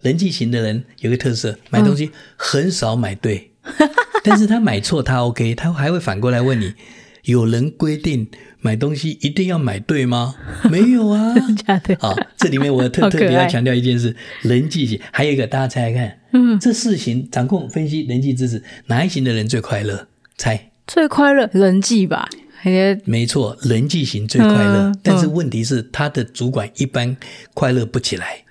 人際型的人有個特色，買東西很少買對，嗯、 但是他買錯他 OK，他還會反過來問你，有人規定買東西一定要買對嗎？沒有啊，好，這裡面我特特別要強調一件事，人際型還有一個大家猜猜看，嗯，這四型掌控分析人際知識，哪一型的人最快樂？猜最快樂人際吧，沒錯，人際型最快樂，嗯，但是問題是，嗯、他的主管一般快樂不起來。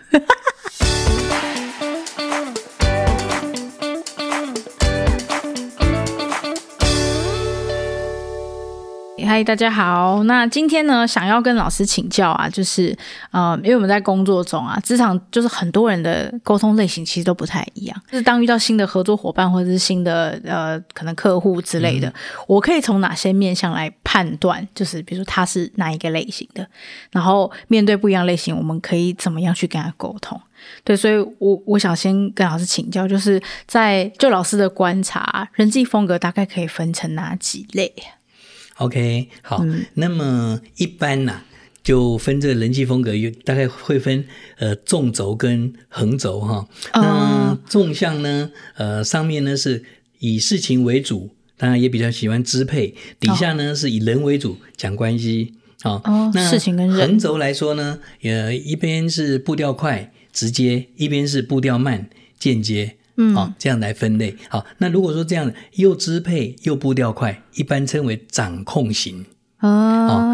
嗨，大家好。那今天呢，想要跟老師請教啊，就是，呃，因為我們在工作中啊，職場就是很多人的溝通類型其實都不太一樣。就是當遇到新的合作夥伴或者是新的呃，可能客戶之類的，嗯。我可以從哪些面向來判斷？就是比如說他是哪一個類型的，然後面對不一樣類型，我們可以怎麼樣去跟他溝通？對，所以我，我我想先跟老師請教，就是在就老師的觀察，人際風格大概可以分成哪幾類？OK，好、嗯。那麼一般呢、啊、就分這個人際風格，又大概會分呃縱軸跟橫軸哈。那縱向呢，呃上面呢是以事情為主，當然也比較喜歡支配；底下呢、哦、是以人為主，講關係。好，哦、那事情跟人橫軸來說呢，呃一邊是步調快直接，一邊是步調慢間接。嗯，好，這樣來分類。好，那如果說這樣又支配又步調快，一般稱為掌控型啊、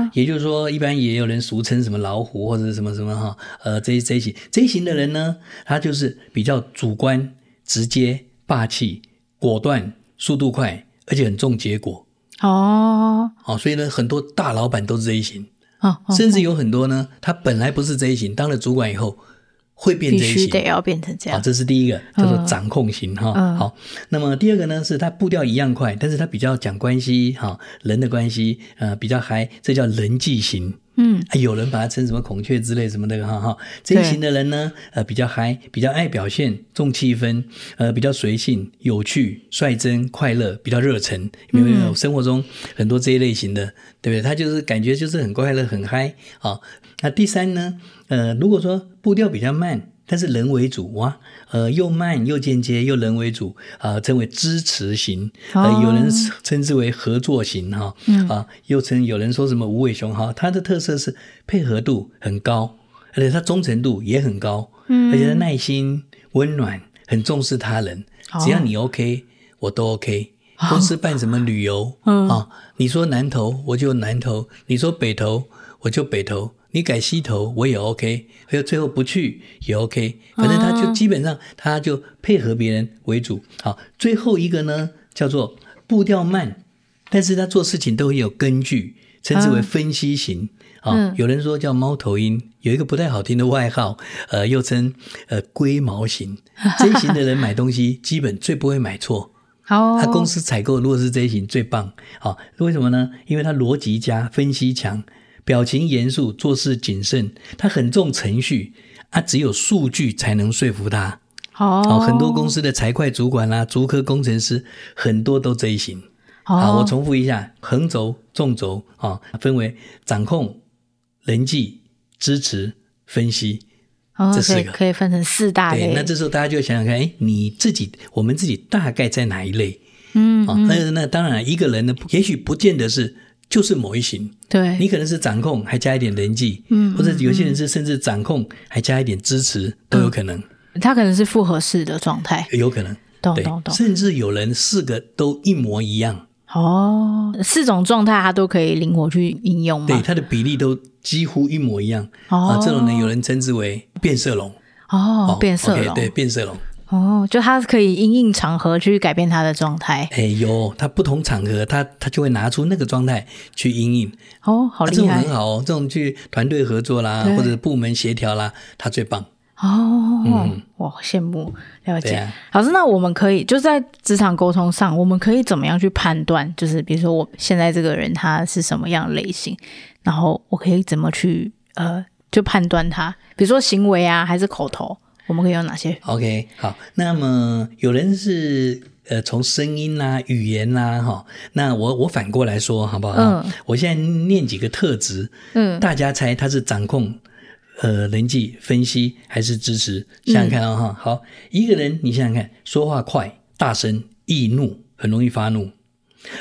哦。也就是說，一般也有人俗稱什麼老虎或者什麼什麼哈，呃這一型這一型的人呢，他就是比較主觀、直接、霸氣、果斷、速度快，而且很重結果。哦，哦，所以呢，很多大老闆都是這一型啊、哦，甚至有很多呢，他本來不是這一型，當了主管以後。會變這一型，必須得要變成這樣。好，這是第一個叫做掌控型哈、嗯。好，那麼第二個呢，是他步調一樣快，但是他比較講關係哈，人的關係啊、呃，比較嗨，這叫人際型。嗯、啊，有人把它稱什麼孔雀之類什麼的，哈哈。這一型的人呢，呃，比較嗨，比較愛表現，重氣氛，呃，比較隨性、有趣、率真、快樂，比較熱忱。因為沒有沒有，生活中很多這一類型的，對不對？他就是感覺就是很快樂、很嗨啊、哦。那第三呢，呃，如果說步調比較慢。但是人為主哇，呃，又慢又間接又人為主啊，稱、呃、為支持型，oh. 呃、有人稱之為合作型哈，啊、哦呃，又稱有人說什麼無尾熊哈，它、哦、的特色是配合度很高，而且它忠誠度也很高，mm. 而且他耐心、溫暖，很重視他人，oh. 只要你 OK，我都 OK。公司辦什麼旅遊啊、oh. oh. 哦，你說南投我就南投，你說北投我就北投。你改西頭我也 OK，還有最後不去也 OK，反正他就基本上他就配合別人為主。好，最後一個呢叫做步調慢，但是他做事情都會有根據，稱之為分析型。啊、嗯哦，有人說叫貓頭鷹，有一個不太好聽的外號，呃，又稱呃龜毛型。J 型的人買東西 基本最不會買錯，他、哦啊、公司採購如果是 J 型最棒。好，為什麼呢？因為他邏輯加分析強。表情嚴肅，做事謹慎，他很重程序啊，只有數據才能說服他。Oh. 哦，很多公司的財會主管啦、啊、竹科工程師很多都這一型。Oh. 好，我重複一下：橫軸、縱軸啊，分為掌控、人際、支持、分析、oh, okay, 這四個，可以分成四大類。對，那這時候大家就想想看，哎、欸，你自己，我們自己大概在哪一類？嗯，嗯、哦，那個、那個、當然，一個人呢，也許不見得是。就是某一型，對。你可能是掌控，還加一點人際，嗯，或者有些人是甚至掌控，還加一點支持，都有可能。嗯、他可能是複合式的狀態，有可能，懂對懂懂。甚至有人四個都一模一樣。哦，四種狀態他都可以靈活去應用。對，他的比例都幾乎一模一樣。哦，啊、這種人有人稱之為變色龍。哦，變、oh, 變色龍，okay, 對變色龍。哦，就他可以因應場合去改變他的狀態。哎、欸，有他不同場合，他他就會拿出那個狀態去因應。哦，好厲害、啊！這種很好哦，這種去團隊合作啦，或者部門協調啦，他最棒。哦，哦嗯，我好羨慕了解、啊。老師，那我們可以就在職場溝通上，我們可以怎麼樣去判斷？就是比如說我現在這個人他是什麼樣類型，然後我可以怎麼去呃，就判斷他？比如說行為啊，還是口頭？我們可以用哪些？OK，好，那麼有人是呃，從聲音啦、語言啦，哈，那我我反過來說好不好？嗯，我現在念幾個特質，嗯，大家猜他是掌控呃人際分析還是支持？想想看啊、哦，哈、嗯，好，一個人你想想看，說話快、大聲、易怒，很容易發怒，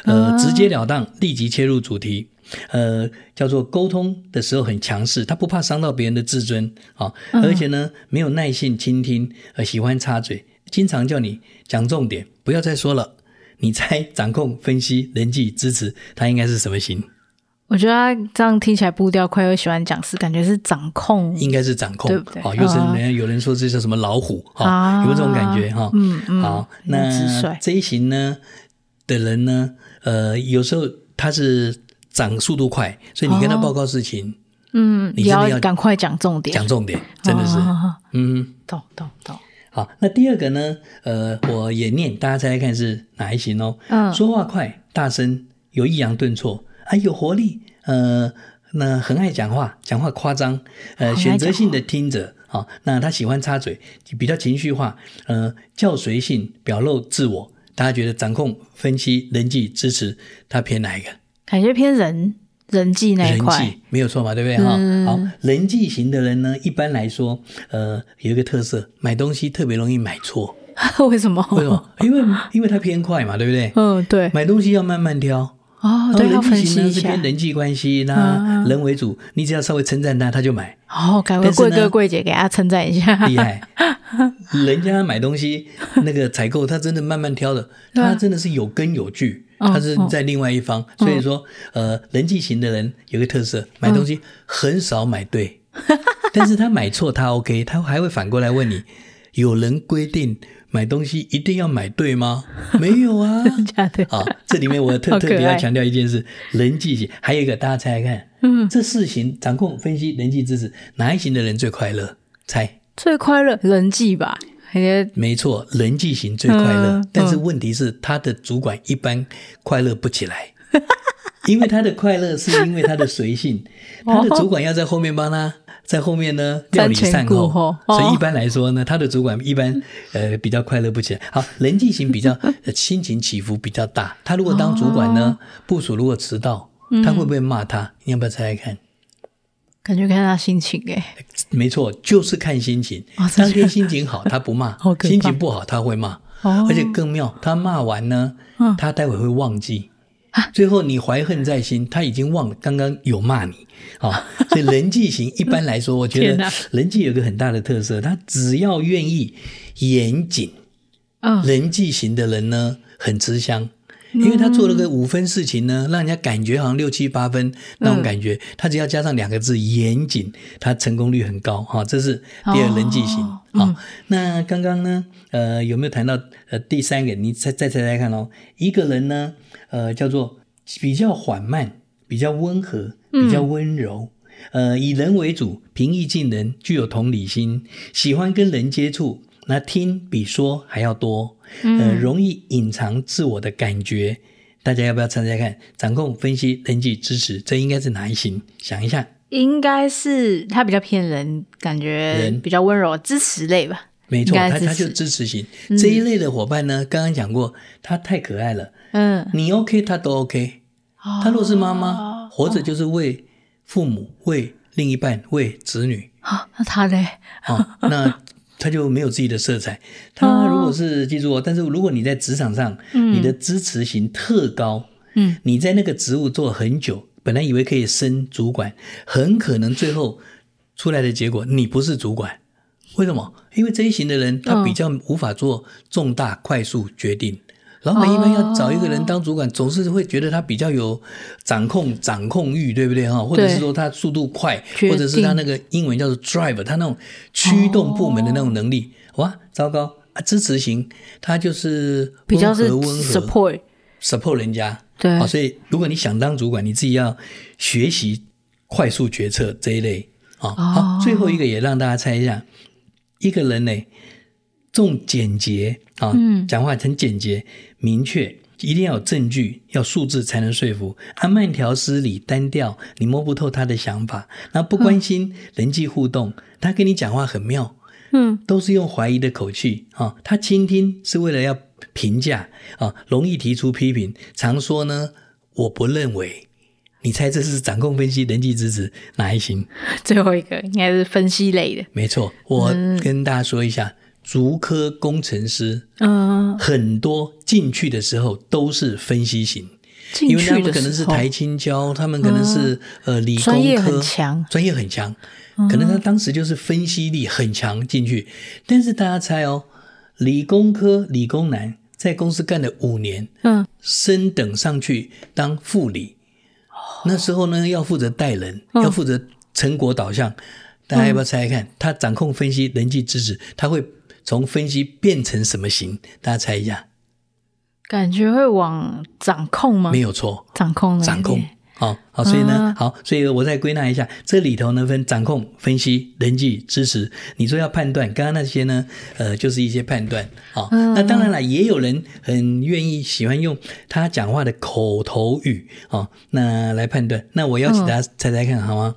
呃，直截了當，立即切入主題。啊呃，叫做溝通的時候很強勢，他不怕傷到別人的自尊、哦、而且呢、嗯、沒有耐心傾聽、呃，喜歡插嘴，經常叫你講重點，不要再說了。你猜掌控、分析、人際支持，他應該是什麼型？我覺得他這樣聽起來步調快又喜歡講事，感覺是掌控，應該是掌控，對不對？好、嗯哦，有時有人有人說這叫什麼老虎、哦、啊，有，沒有這種感覺哈、哦。嗯嗯，好，嗯、那這一型呢的人呢，呃，有時候他是。漲速度快，所以你跟他報告事情，哦、嗯，你要，要趕快講重點，講重點，哦、真的是，哦、嗯，懂懂懂。好，那第二個呢？呃，我演練，大家猜猜看是哪一型哦。嗯，說話快，大聲，有抑揚頓挫啊，有活力，呃，那很愛講話，講話誇張，呃，選擇性的聽着，好、哦，那他喜歡插嘴，比較情緒化，呃，較隨性，表露自我，大家覺得掌控、分析、人際支持，他偏哪一個？感覺偏人人際那一塊沒有錯嘛，對不對哈、嗯？好，人際型的人呢，一般來說，呃，有一個特色，買東西特別容易買錯。為什麼？為什麼？因為因為他偏快嘛，對不對？嗯，對。買東西要慢慢挑哦，對，人際型呢，要分析一下偏人際關係那人為主、嗯，你只要稍微稱讚他，他就買。哦，感謝櫃哥櫃姐給他稱讚一下。厲害， 人家買東西那個採購，他真的慢慢挑的， 他真的是有根有據。他是在另外一方、哦哦，所以說，呃，人際型的人有個特色、哦，買東西很少買對，嗯、但是他買錯他 OK， 他還會反過來問你，有人規定買東西一定要買對嗎？嗯、沒有啊，真的啊，好，這裡面我特特別要強調一件事，人際型還有一個大家猜猜看，嗯，這四型掌控分析人際知識，哪一型的人最快樂？猜最快樂人際吧。沒錯，人際型最快樂、嗯嗯，但是問題是他的主管一般快樂不起來， 因為他的快樂是因為他的隨性， 他的主管要在後面幫他，在後面呢料理善後，後，所以一般來說呢，哦、他的主管一般呃比較快樂不起來。好，人際型比較心情起伏比較大， 他如果當主管呢， 部屬如果遲到、嗯，他會不會罵他？你要不要猜猜看？感覺看他心情欸，沒錯，就是看心情。哦、當天心情好，他不罵； 心情不好，他會罵、哦。而且更妙，他罵完呢，哦、他待會會忘記、啊。最後你懷恨在心，他已經忘了剛剛有罵你啊。所以人際型一般來說， 我覺得人際有一個很大的特色，他只要願意嚴謹啊、哦，人際型的人呢很吃香。因為他做了個五分事情呢，讓人家感覺好像六七八分那種感覺。嗯、他只要加上兩個字嚴謹，他成功率很高哈。這是第二人際型、哦哦、那剛剛呢，呃，有沒有談到呃第三個？你再再猜，猜猜看哦。一個人呢，呃，叫做比較緩慢、比較溫和、比較溫柔、嗯，呃，以人為主，平易近人，具有同理心，喜歡跟人接觸。那聽比說還要多，嗯、呃，容易隱藏自我的感覺。大家要不要猜猜看？掌控、分析、人際、支持，這應該是哪一型？想一下，應該是他比較偏人，感覺比較溫柔，支持類吧。沒錯，是他他就支持型、嗯、這一類的夥伴呢。剛剛講過，他太可愛了。嗯，你 OK，他都 OK。他若是媽媽，哦、活着就是為父母、哦、為另一半、為子女。好、哦，那他嘞？好、哦，那。 他就沒有自己的色彩。他如果是、哦、記住、哦，但是如果你在職場上，嗯、你的支持型特高，嗯、你在那個職務做了很久，本來以為可以升主管，很可能最後出來的結果你不是主管。為什麼？因為這一型的人他比較無法做重大快速決定。哦老闆一般要找一個人當主管，哦，總是會覺得他比較有掌控掌控欲，對不對哈？或者是說他速度快，或者是他那個英文叫做 drive，他那種驅動部門的那種能力。哦、哇，糟糕啊！支持型，他就是溫和比較是 support，support support 人家。對啊，所以如果你想當主管，你自己要學習快速決策這一類啊。好、哦，最後一個也讓大家猜一下，一個人呢。重簡潔啊，講話很簡潔、嗯、明確，一定要有證據，要數字才能說服。他、啊、慢條斯理、單調，你摸不透他的想法。然後不關心人際互動、嗯，他跟你講話很妙，嗯，都是用懷疑的口氣啊。他傾聽是為了要評價啊，容易提出批評，常說呢，我不認為。你猜這是掌控分析、人際、支持哪一行？最後一個應該是分析類的。沒錯，我跟大家說一下。嗯竹科工程師，嗯，很多進去的時候都是分析型，進去時候，因為他們可能是台清交、嗯，他們可能是呃理工科，專業很強，專業很強，可能他當時就是分析力很強進去。嗯、但是大家猜哦，理工科理工男在公司幹了五年，嗯，升等上去當副理，哦、那時候呢要負責帶人、哦，要負責成果導向。嗯、大家要不要猜猜看？他掌控分析、人際、支持，他會。從分析變成什麼型？大家猜一下，感覺會往掌控嗎？沒有錯，掌控，掌控。好、哦，好、嗯哦，所以呢，好，所以我再歸納一下，這裡頭呢分掌控、分析、人際、知識。你說要判斷，剛剛那些呢，呃，就是一些判斷。好、哦嗯，那當然了，也有人很願意喜歡用他講話的口頭語啊、哦，那來判斷。那我邀請大家猜猜看、嗯，好嗎？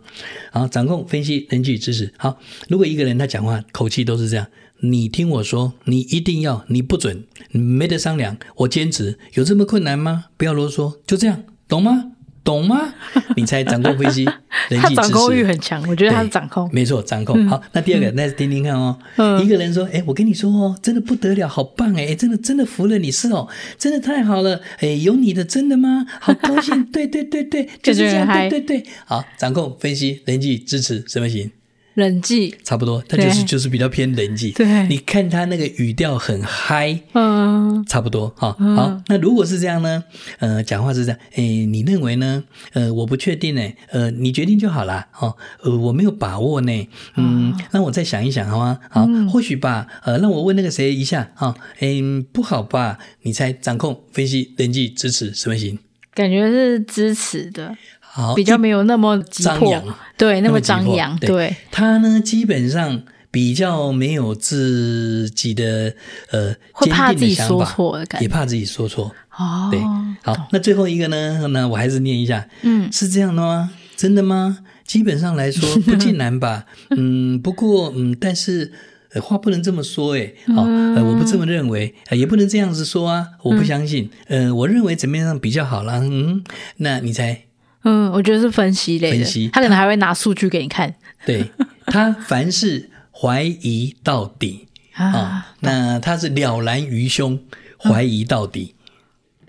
好，掌控、分析、人際、知識。好，如果一個人他講話口氣都是這樣。你聽我說，你一定要，你不准，你沒得商量，我堅持。有這麼困難嗎？不要囉嗦，就這樣，懂嗎？懂嗎？你猜，掌控、分析、 控，人際支持。他掌控欲很強，我覺得他是掌控。沒錯，掌控、嗯。好，那第二個，那、嗯、聽聽看哦、嗯。一個人說：“哎、欸，我跟你說，哦，真的不得了，好棒哎，真的真的服了你，是哦，真的太好了，哎、欸，有你的，真的嗎？好高興， 對對對對，就是這樣，對對對，好，掌控、分析，人際支持，什麼型？”冷人際，差不多，他就是就是比較偏冷人際。對，你看他那個語調很嗨，嗯，差不多哈、哦嗯。好，那如果是這樣呢？呃，講話是這樣，誒，你認為呢？呃，我不確定呢。呃，你決定就好啦。哦，呃，我沒有把握呢，嗯，那、嗯、我再想一想好嗎？好，或許吧，呃，讓我問那個誰一下啊、哦，誒、嗯、不好吧？你猜，掌控、分析、冷人際、支持什麼型？感覺是支持的。好，比較沒有那麼張揚，對，那麼張揚，對。他呢，基本上比較沒有自己的呃，會怕自己說錯，也怕自己說錯。哦，對，好、哦，那最後一個呢？那我還是念一下，嗯，是這樣的嗎？真的嗎？基本上來說不盡然吧？ 嗯，不過嗯，但是、呃、話不能這麼說、欸，哎、呃，好、嗯，呃，我不這麼認為、呃，也不能這樣子說啊，我不相信。嗯，呃、我認為怎麼樣比較好啦。嗯，那你猜？嗯，我覺得是分析類的，分析他，他可能還會拿數據給你看。對他，凡事懷疑到底啊、 哦，那他是了然於胸，懷疑到底。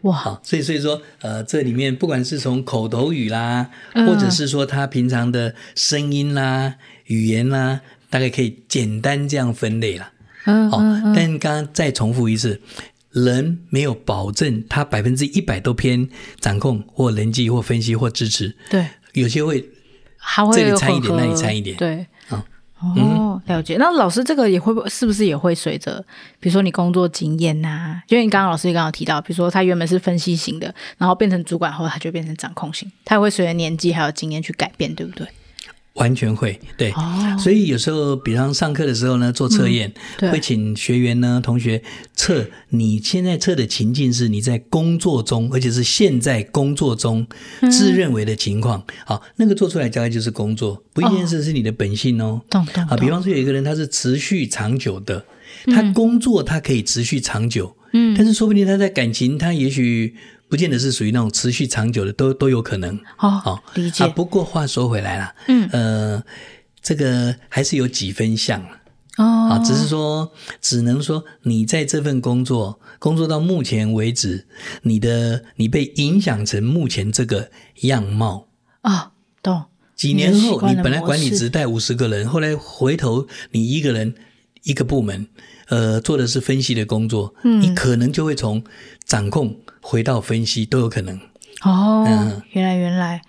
嗯、哇，所以所以說，呃，這裡面不管是從口頭語啦、嗯，或者是說他平常的聲音啦、語言啦，大概可以簡單這樣分類啦。嗯，嗯，嗯，好、哦，但剛剛再重複一次。人沒有保證他百分之一百都偏掌控或人際或分析或支持，對，有些會，這裡摻一點，還會那裡摻一點，對，嗯，哦，了解。那老師這個也會不，是不是也會隨着，比如說你工作經驗吶、啊？因為你剛剛老師也剛好提到，比如說他原本是分析型的，然後變成主管後，他就變成掌控型，他也會隨着年紀還有經驗去改變，對不對？完全會，對、哦，所以有時候，比方上，上課的時候呢，做測驗，嗯、會請學員呢、同學測你現在測的情境是你在工作中，而且是現在工作中自認為的情況、嗯。好，那個做出來大概就是工作，不一定是是你的本性哦。對對對。好，比方說有一個人他是持續長久的、嗯，他工作他可以持續長久，嗯，但是說不定他在感情他也許。不見得是屬於那種持續長久的，都都有可能。哦，理解。啊，不過話說回來啦，嗯，呃，這個還是有幾分像。哦，啊，只是說，只能說你在這份工作工作到目前為止，你的你被影響成目前這個樣貌。啊，哦，懂。幾年後，你，你本來管理只帶五十個人，後來回頭你一個人一個部門，呃，做的是分析的工作，嗯，你可能就會從掌控。回到分析都有可能哦，嗯，原來原來。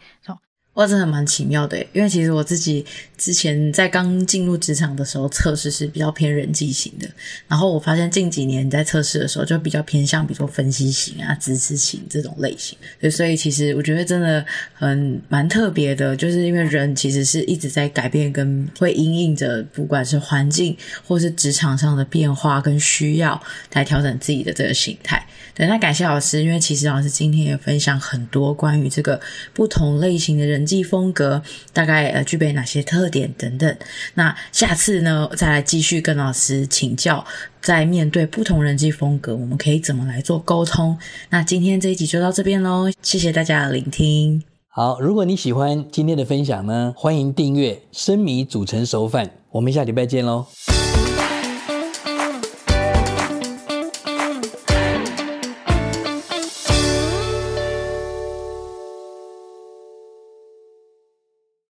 哇，真的蠻奇妙的，因為其實我自己之前在剛進入職場的時候測試是比較偏人際型的，然後我發現近幾年在測試的時候就比較偏向，比如說分析型啊、支持型這種類型，對，所以其實我覺得真的很蠻特別的，就是因為人其實是一直在改變，跟會因應着不管是環境或是職場上的變化跟需要來調整自己的這個形態，對。那感謝老師，因為其實老師今天也分享很多關於這個不同類型的人。風格大概，呃，具備哪些特點等等。那下次呢，再來繼續跟老師請教，在面對不同人際風格，我們可以怎麼來做溝通？那今天這一集就到這邊嘍，謝謝大家的聆聽。好，如果你喜歡今天的分享呢，歡迎訂閱，生米煮成熟飯。我們下禮拜見嘍。